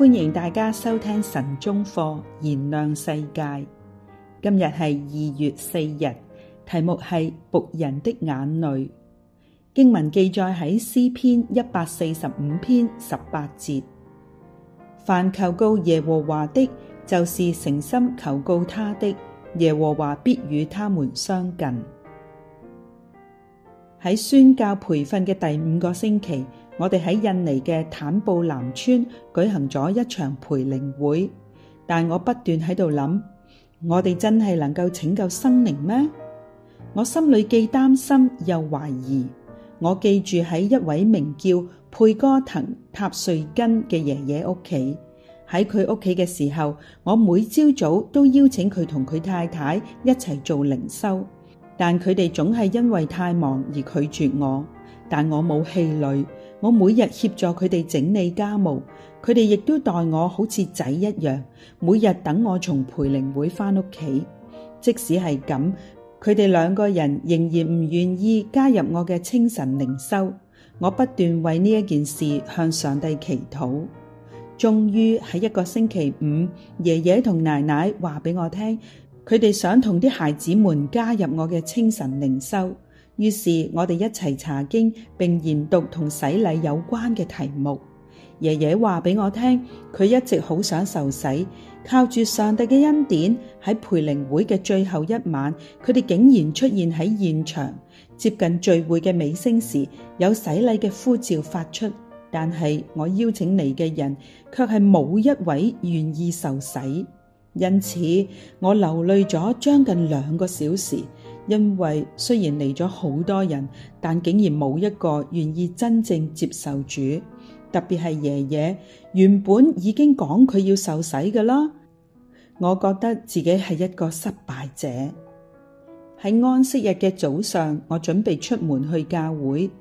歡迎大家收聽晨鐘課，燃亮世界。今日係二月四日，題目係僕人的眼淚。經文記載喺詩篇一百四十五篇十八節。凡求告耶和華的，就是誠心求告他的，耶和華必與他們相近。喺宣教培訓嘅第五個星期。我哋喺印尼嘅坦布南村舉行咗一場陪靈會，但我不斷喺度諗，我哋真係能夠拯救生靈咩？我心裏既擔心又懷疑。我記住喺一位名叫佩哥騰塔瑞根嘅爺爺屋企。喺佢屋企嘅時候，我每朝早都邀請佢同佢太太一齊做靈修，但佢哋總係因為太忙而拒絕我。但我冇氣餒。我每日協助佢哋整理家務，佢哋亦都待我好似仔一樣，每日等我從培靈會翻屋企。即使係咁，佢哋兩個人仍然唔願意加入我嘅清晨靈修。我不斷為呢一件事向上帝祈禱。終於喺一個星期五，爺爺同奶奶話俾我聽，佢哋想同啲孩子們加入我嘅清晨靈修。於是我哋一齊查經，並研讀同洗禮有關嘅題目。爺爺話俾我聽，佢一直好想受洗，靠住上帝嘅恩典，喺培靈會嘅最後一晚，佢哋竟然出現喺現場。接近聚會嘅尾聲時，有洗禮嘅呼召發出。但係我邀請嚟嘅人，卻係冇一位願意受洗。因此，我流淚咗將近兩個小時。因為雖然嚟咗好多人，但竟然冇一個願意真正接受主。特別係爺爺，原本已經講佢要受洗㗎啦。我覺得自己係一個失敗者。喺安息日嘅早上，我準備出門去教會，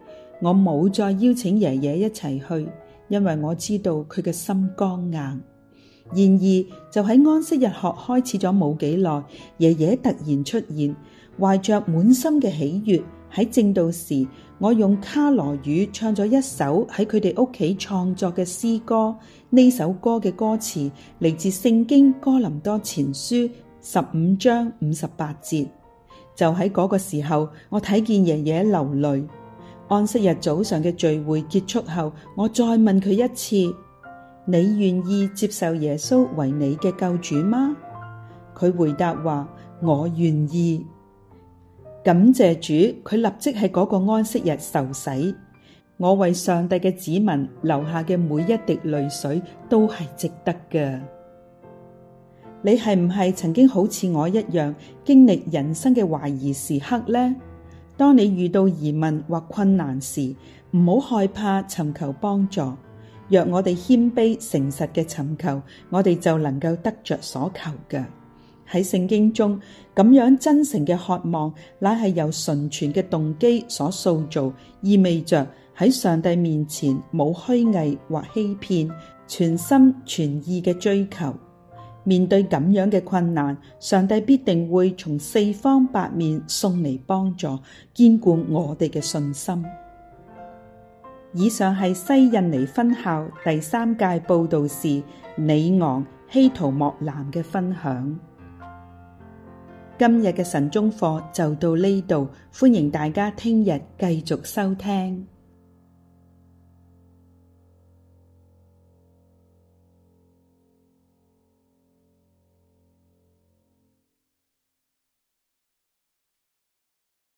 我冇再邀請爺爺一齊去，因為我知道佢嘅心肝硬。然而就喺安息日學開始咗冇幾耐，爺爺突然出現。懷着滿心嘅喜悦喺正道時，我用卡羅語唱咗一首喺佢哋屋企創作嘅詩歌。呢首歌嘅歌詞嚟自聖經哥林多前書十五章五十八節。就喺嗰個時候，我睇見爺爺流淚。安息日早上嘅聚會結束後，我再問佢一次：你願意接受耶穌為你嘅救主嗎？佢回答話：我願意。感謝主，佢立即喺嗰個安息日受洗。我為上帝嘅子民留下嘅每一滴淚水都係值得嘅。你係唔係曾經好似我一樣經歷人生嘅懷疑時刻呢？當你遇到疑問或困難時，唔好害怕尋求幫助。若我哋謙卑誠實嘅尋求，我哋就能夠得着所求嘅。喺聖經中，咁樣真誠嘅渴望，乃係由純全嘅動機所塑造，意味着喺上帝面前冇虛偽或欺騙，全心全意嘅追求。面對咁樣嘅困難，上帝必定會從四方八面送嚟幫助，堅固我哋嘅信心。以上係西印尼分校第三屆佈道士李昂希圖莫南嘅分享。今日嘅晨鐘課就到呢度，歡迎大家聽日繼續收聽。